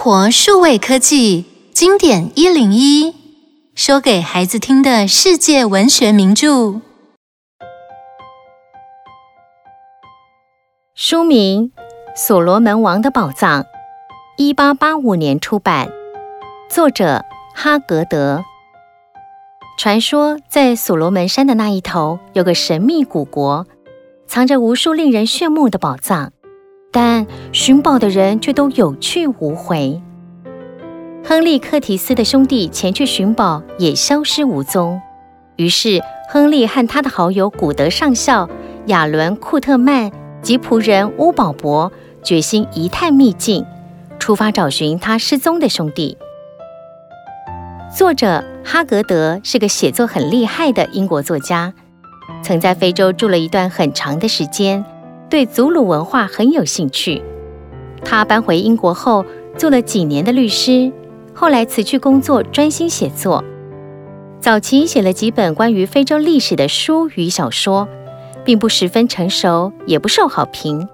聲活數位科技經典一零一，說給孩子聽的世界文學名著。書名《所羅門王的寶藏》，一八八五年出版，作者哈格德。傳說在所羅門山的那一頭，有個神秘古國，藏着無數令人炫目的寶藏。但尋寶的人卻都有去無回。亨利·克提斯的兄弟前去尋寶，也消失無蹤。於是，亨利和他的好友古德上校、亞倫·庫特曼及僕人烏寶伯決心一探秘境，出發找尋他失蹤的兄弟。作者哈格德是個寫作很厲害的英國作家，曾在非洲住了一段很長的時間。對祖魯文化很有興趣。他搬回英國後做了幾年的律師，後來辭去工作，專心寫作。早期寫了幾本關於非洲歷史的書與小說，並不十分成熟，也不受好評。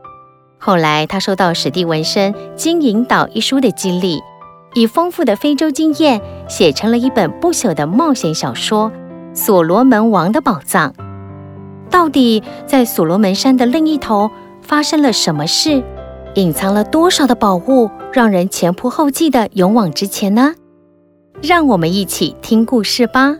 後來他受到史蒂文森《金銀島》一書的激勵，以豐富的非洲經驗寫成了一本不朽的冒險小說《所羅門王的寶藏》。到底在所羅門山的另一頭發生了什麼事？隱藏了多少的寶物，讓人前仆後繼的勇往直前呢？讓我們一起聽故事吧。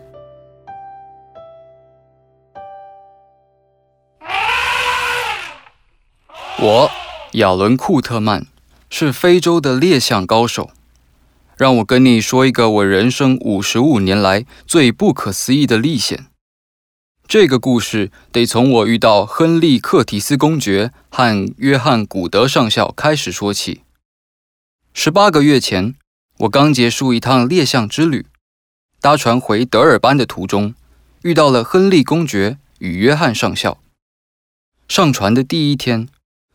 我，亞倫·庫特曼，是非洲的獵象高手。讓我跟你說一個我人生五十五年來最不可思議的歷險。這個故事得從我遇到亨利·克提斯公爵和約翰·古德上校開始說起。十八個月前，我剛結束一趟獵象之旅，搭船回德爾班的途中，遇到了亨利公爵與約翰上校。上船的第一天，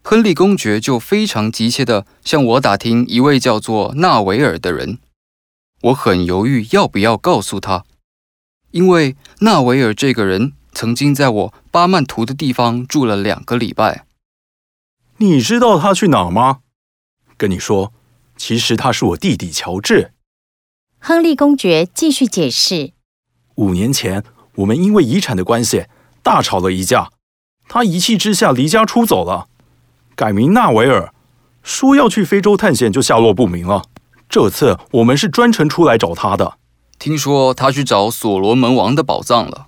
亨利公爵就非常急切地向我打聽一位叫做納維爾的人。我很猶豫要不要告訴他，因為納維爾這個人，曾經在我巴曼圖的地方住了兩個禮拜，你知道他去哪兒嗎？跟你說，其實他是我弟弟喬治。亨利公爵繼續解釋：五年前，我們因為遺產的關係大吵了一架，他一氣之下離家出走了，改名納維爾，說要去非洲探險，就下落不明了。這次我們是專程出來找他的。聽說他去找所羅門王的寶藏了。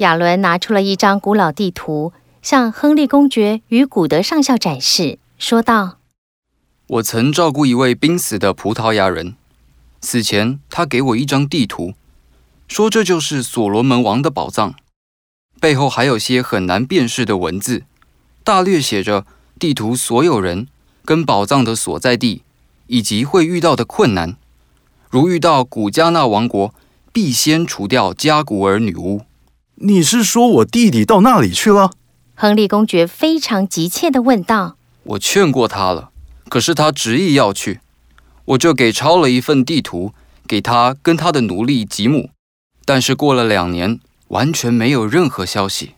亞倫拿出了一張古老地圖，向亨利公爵與古德上校展示，說道：“我曾照顧一位瀕死的葡萄牙人，死前他給我一張地圖，說這就是所羅門王的寶藏。背後還有些很難辨識的文字，大略寫着地圖所有人跟寶藏的所在地，以及會遇到的困難。如遇到古加納王國，必先除掉加古爾女巫。”你是說我弟弟到那裡去了？亨利公爵非常急切地問道。我勸過他了，可是他執意要去，我就給抄了一份地圖給他跟他的奴隸吉姆。但是過了兩年，完全沒有任何消息。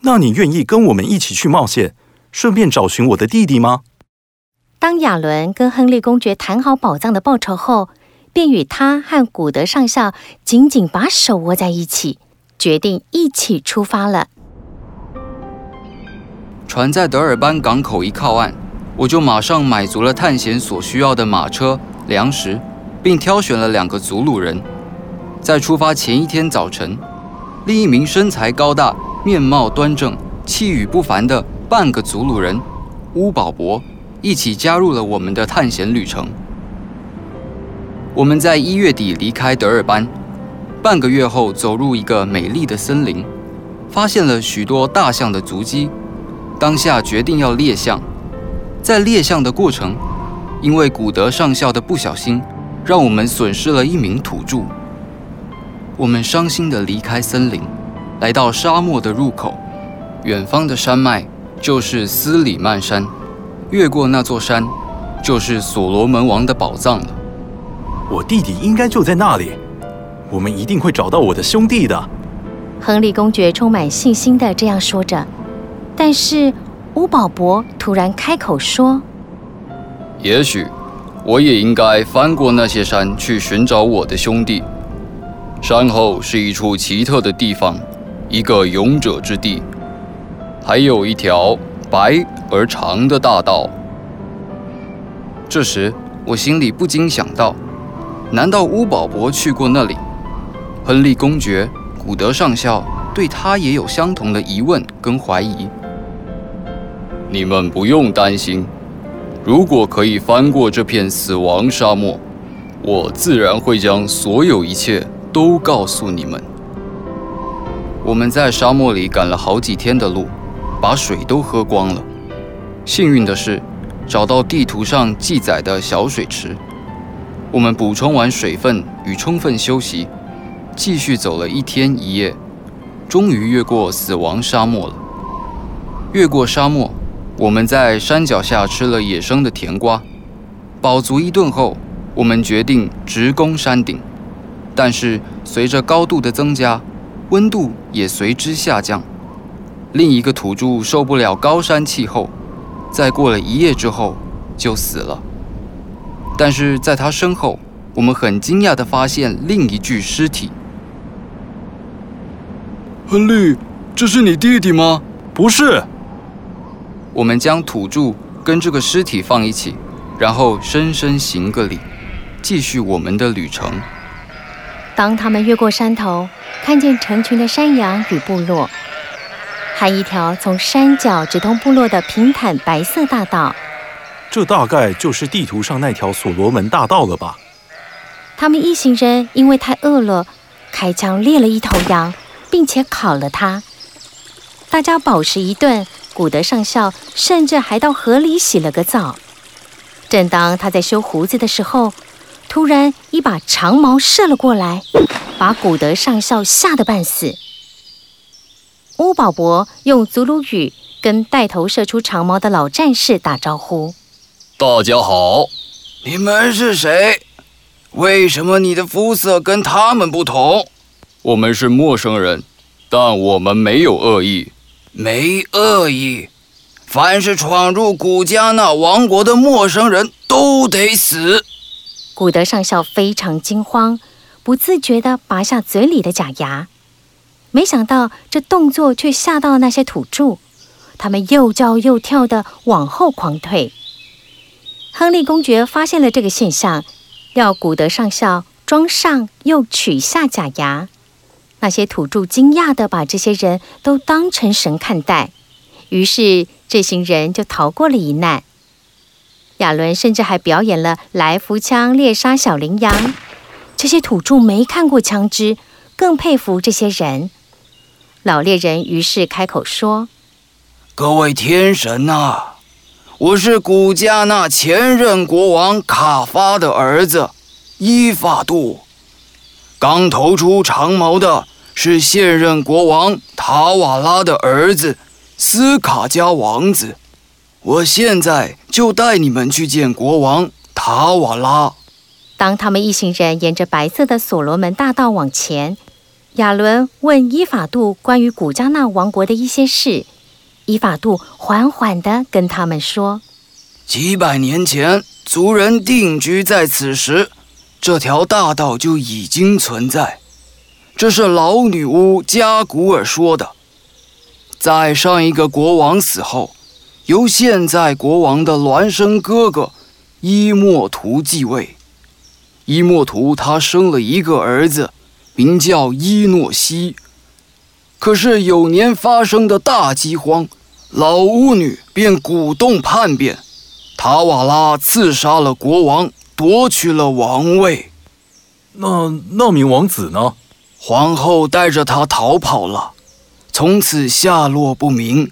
那你願意跟我們一起去冒險，順便找尋我的弟弟嗎？當亞倫跟亨利公爵談好寶藏的報酬後，便與他和古德上校緊緊把手握在一起。決定一起出發了。船在德爾班港口一靠岸，我就馬上買足了探險所需要的馬車、糧食，並挑選了兩個祖魯人。在出發前一天早晨，另一名身材高大、面貌端正、氣宇不凡的半個祖魯人烏保伯一起加入了我們的探險旅程。我們在一月底離開德爾班。半個月後，走入一個美麗的森林，發現了許多大象的足跡。當下決定要獵象。在獵象的過程，因為古德上校的不小心，讓我們損失了一名土著。我們傷心的離開森林，來到沙漠的入口。遠方的山脈就是斯里曼山。越過那座山，就是所羅門王的寶藏了。我弟弟應該就在那裡。我們一定會找到我的兄弟的，亨利公爵充滿信心地這樣說着。但是烏寶伯突然開口說：“也許我也應該翻過那些山去尋找我的兄弟。山後是一處奇特的地方，一個勇者之地，還有一條白而長的大道。”這時我心裡不禁想到：難道烏寶伯去過那裡？亨利公爵、古德上校對他也有相同的疑問跟懷疑。你們不用擔心，如果可以翻過這片死亡沙漠，我自然會將所有一切都告訴你們。我們在沙漠裡趕了好幾天的路，把水都喝光了。幸運的是，找到地圖上記載的小水池，我們補充完水分與充分休息。繼續走了一天一夜，終於越過死亡沙漠了。越過沙漠，我們在山腳下吃了野生的甜瓜，飽足一頓後，我們決定直攻山頂。但是隨着高度的增加，溫度也隨之下降。另一個土著受不了高山氣候，在過了一夜之後就死了。但是在他身後，我們很驚訝地發現另一具屍體。亨利，這是你弟弟嗎？不是。我們將土著跟這個屍體放一起，然後深深行個禮，繼續我們的旅程。當他們越過山頭，看見成群的山羊與部落，還一條從山腳直通部落的平坦白色大道。這大概就是地圖上那條所羅門大道了吧？他們一行人因為太餓了，開槍獵了一頭羊。並且烤了它，大家飽食一頓。古德上校甚至還到河裡洗了個澡。正當他在修鬍子的時候，突然一把長矛射了過來，把古德上校嚇得半死。巫寶伯用祖魯語跟帶頭射出長矛的老戰士打招呼：“大家好，你們是誰？為什麼你的膚色跟他們不同？”我們是陌生人，但我們沒有惡意。沒惡意，凡是闖入古加納王國的陌生人都得死。古德上校非常驚慌，不自覺地拔下嘴裡的假牙。沒想到這動作却嚇到那些土著，他們又叫又跳地往後狂退。亨利公爵發現了這個現象，要古德上校裝上又取下假牙。那些土著驚訝的把這些人都當成神看待，於是這群人就逃過了一難。亞倫甚至還表演了來福槍獵殺小羚羊，這些土著沒看過槍支，更佩服這些人。老獵人於是開口說：“各位天神吶、啊，我是古加納前任國王卡發的兒子伊法杜，剛投出長矛的。”是現任國王塔瓦拉的兒子斯卡加王子。我現在就帶你們去見國王塔瓦拉。當他們一行人沿着白色的所羅門大道往前，亞倫問伊法度關於古加納王國的一些事，伊法度緩緩地跟他們說：幾百年前族人定居在此時，這條大道就已經存在。這是老女巫加古爾說的，在上一個國王死後，由現在國王的孿生哥哥伊莫圖繼位。伊莫圖他生了一個兒子，名叫伊諾西。可是有年發生的大饑荒，老巫女便鼓動叛變，塔瓦拉刺殺了國王，奪取了王位。那，那名王子呢？皇后帶着他逃跑了，從此下落不明。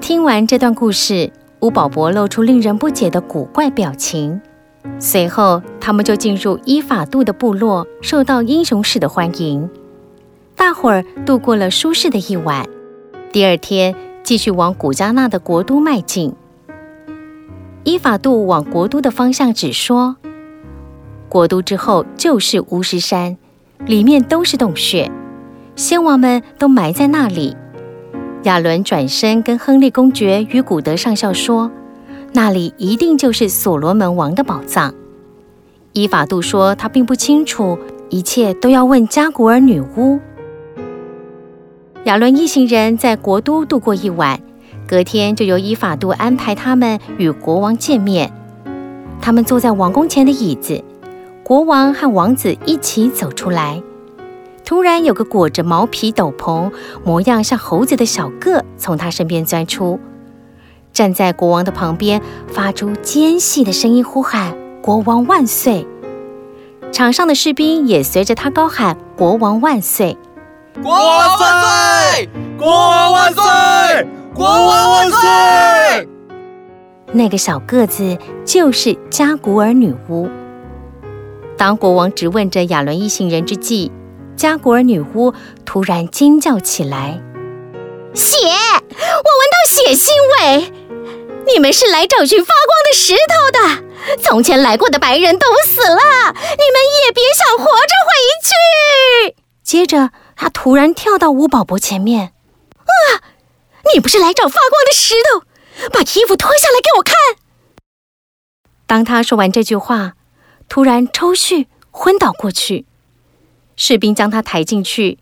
聽完這段故事，吳寶伯露出令人不解的古怪表情。隨後，他們就進入伊法度的部落，受到英雄式的歡迎。大夥兒度過了舒適的一晚。第二天，繼續往古加納的國都邁進。伊法度往國都的方向指說。國都之後就是巫師山，裡面都是洞穴，先王們都埋在那裡。亞倫轉身跟亨利公爵與古德上校說：“那裡一定就是所羅門王的寶藏。”伊法杜說他並不清楚，一切都要問加古爾女巫。亞倫一行人在國都度過一晚，隔天就由伊法杜安排他們與國王見面。他們坐在王宮前的椅子。國王和王子一起走出來，突然有個裹着毛皮斗篷、模樣像猴子的小個從他身邊鑽出，站在國王的旁邊，發出尖細的聲音呼喊：“國王萬歲！”場上的士兵也隨着他高喊：“國王萬歲！”國王萬歲！國王萬歲！國王萬歲！那個小個子就是加古爾女巫。當國王質問着亞倫一行人之際，加古爾女巫突然驚叫起來：“血！我聞到血腥味！你們是來找尋發光的石頭的。從前來過的白人都死了，你們也別想活着回去！”接着，她突然跳到吳寶寶前面：“啊，你不是來找發光的石頭？把衣服脫下來給我看！”當他說完這句話，突然抽搐，昏倒過去。士兵將他抬進去。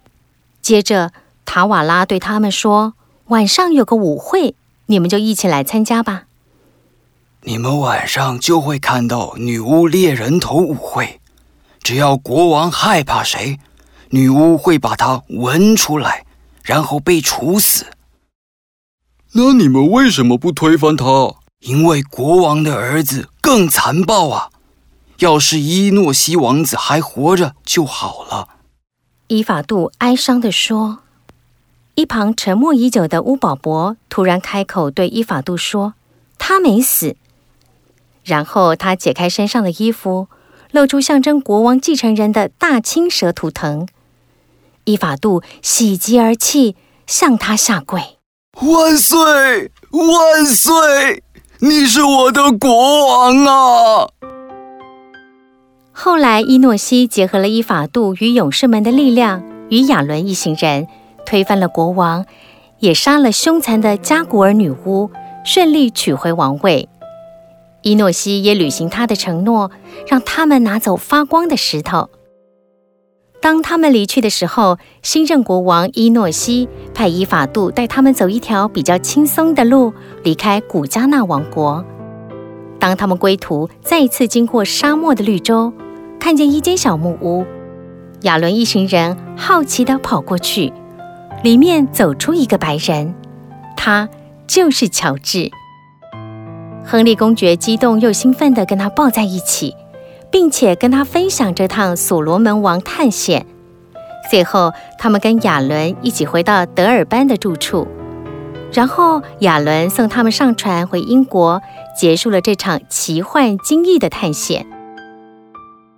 接着，塔瓦拉對他們說：“晚上有個舞會，你們就一起來參加吧。你們晚上就會看到女巫獵人頭舞會。只要國王害怕誰，女巫會把他聞出來，然後被處死。那你們為什麼不推翻他？因為國王的兒子更殘暴啊。”要是伊諾西王子還活着就好了，伊法度哀傷地說。一旁沉默已久的烏寶伯突然開口對伊法度說：「他沒死。」然後他解開身上的衣服，露出象徵國王繼承人的大青蛇圖騰。伊法度喜極而泣，向他下跪：「萬歲，萬歲！你是我的國王啊！」後來，伊諾西結合了伊法度與勇士們的力量，與亞倫一行人推翻了國王，也殺了兇殘的加古爾女巫，順利取回王位。伊諾西也履行他的承諾，讓他們拿走發光的石頭。當他們離去的時候，新任國王伊諾西派伊法度帶他們走一條比較輕鬆的路，離開古加納王國。當他們歸途再一次經過沙漠的綠洲。看見一間小木屋，亞倫一行人好奇地跑過去，裡面走出一個白人，他就是喬治。亨利公爵激動又興奮地跟他抱在一起，並且跟他分享這趟所羅門王探險。最後，他們跟亞倫一起回到德爾班的住處，然後亞倫送他們上船回英國，結束了這場奇幻驚異的探險。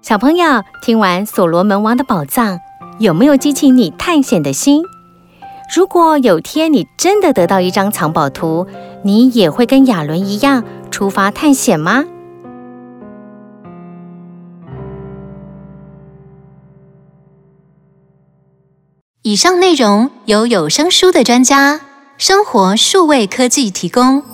小朋友，聽完所羅門王的寶藏，有沒有激起你探險的心？如果有天你真的得到一張藏寶圖，你也會跟亞倫一樣出發探險嗎？以上內容由有聲書的專家聲活數位科技提供。